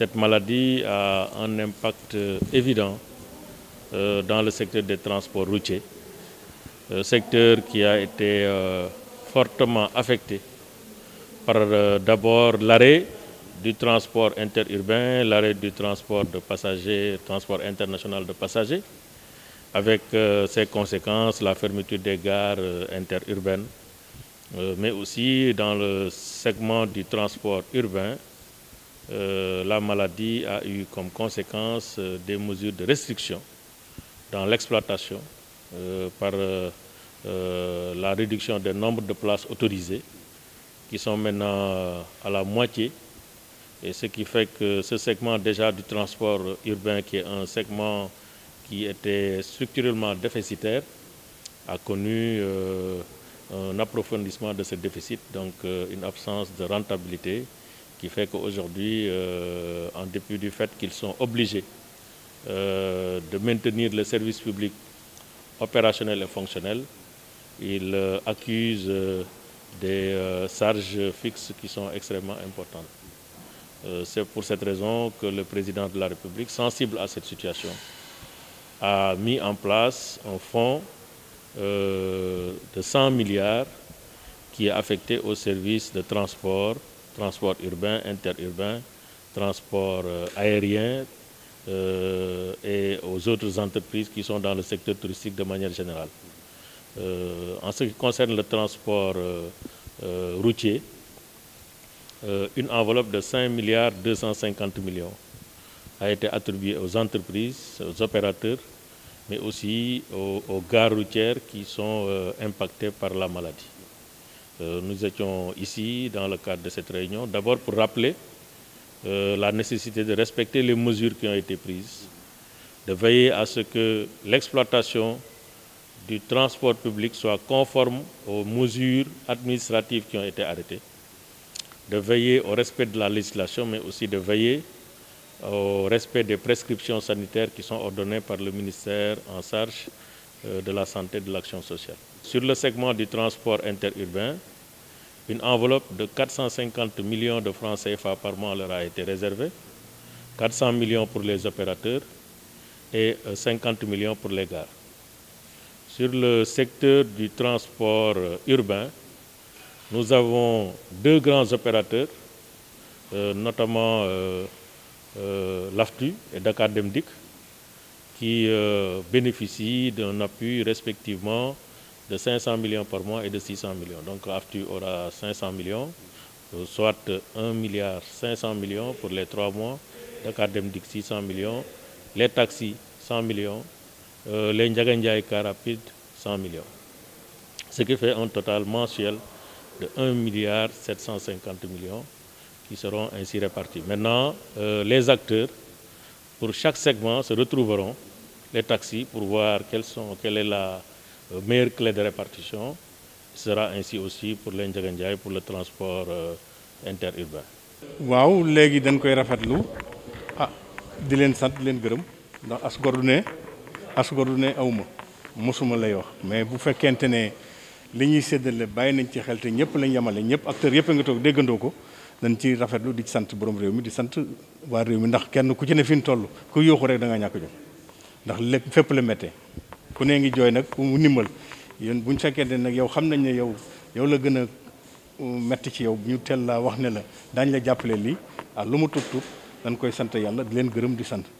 Cette maladie a un impact euh, évident euh, dans le secteur des transports routiers, euh, secteur qui a été fortement affecté par d'abord l'arrêt du transport interurbain, l'arrêt du transport de passagers, transport international de passagers, avec ses conséquences, la fermeture des gares interurbaines, mais aussi dans le segment du transport urbain, euh, la maladie a eu comme conséquence euh, des mesures de restriction dans l'exploitation euh, par la réduction des nombres de places autorisées qui sont maintenant à la moitié et ce qui fait que ce segment déjà du transport urbain qui est un segment qui était structurellement déficitaire a connu un approfondissement de ce déficit, donc une absence de rentabilité qui fait qu'aujourd'hui, euh, en dépit du fait qu'ils sont obligés euh, de maintenir les services publics opérationnels et fonctionnels, ils euh, accusent des charges fixes qui sont extrêmement importantes. C'est pour cette raison que le président de la République, sensible à cette situation, a mis en place un fonds de 100 milliards qui est affecté aux services de transport transport urbain, interurbain, transport euh, aérien euh, et aux autres entreprises qui sont dans le secteur touristique de manière générale. Euh, en ce qui concerne le transport routier, une enveloppe de 5 milliards 250 millions a été attribuée aux entreprises, aux opérateurs, mais aussi aux, aux gares routières qui sont impactées par la maladie. Euh, nous étions ici dans le cadre de cette réunion, d'abord pour rappeler euh, la nécessité de respecter les mesures qui ont été prises, de veiller à ce que l'exploitation du transport public soit conforme aux mesures administratives qui ont été arrêtées, de veiller au respect de la législation, mais aussi de veiller au respect des prescriptions sanitaires qui sont ordonnées par le ministère en charge euh, de la santé et de l'action sociale. Sur le segment du transport interurbain, une enveloppe de 450 millions de francs CFA par mois leur a été réservée, 400 millions pour les opérateurs et 50 euh, millions pour les gares. Sur le secteur du transport euh, urbain, nous avons deux grands opérateurs, euh, notamment l'AFTU et Dakar Demdik, qui bénéficient d'un appui respectivement de 500 millions par mois et de 600 millions. Donc AFTU aura 500 millions, euh, soit 1 milliard 500 millions pour les trois mois, Dakar 600 millions, les taxis 100 millions, euh, les et Carapid 100 millions. Ce qui fait un total mensuel de 1 milliard 750 millions qui seront ainsi répartis. Maintenant, euh, les acteurs, pour chaque segment, se retrouveront les taxis pour voir sont, quelle est la Euh, meilleure clé de répartition. Ce sera ainsi aussi pour les Ndiagandiaye pour le transport euh, interurbain. waaw léegi dañ koy rafetlu ah di leen sant di leen gërëm ndax as ne as gor aw ma mosuma lay wax mais bu fekkente ne li ñuy séddale bàyyi nañ ci xel te ñëpp lañ yemale ñëpp acteurs yëpp nga toog déggandoo ko dañ ci rafetlu di sant borom réew mi di sant waa réew mi ndax kenn ku ci ne fi ñu toll ku yooxu rek da ñàkk jom ndax lépp fépp la méttee. ku nee ngi jooy nag mu ndimbal yéen bu ñu fekkente nag yow xam nañ ne yow yow la gën a metti ci yow bu ñu teel laa wax ne la daañ la jàppale lii ah lu mu tub tub dañ koy sant yàlla di leen gërëm di sant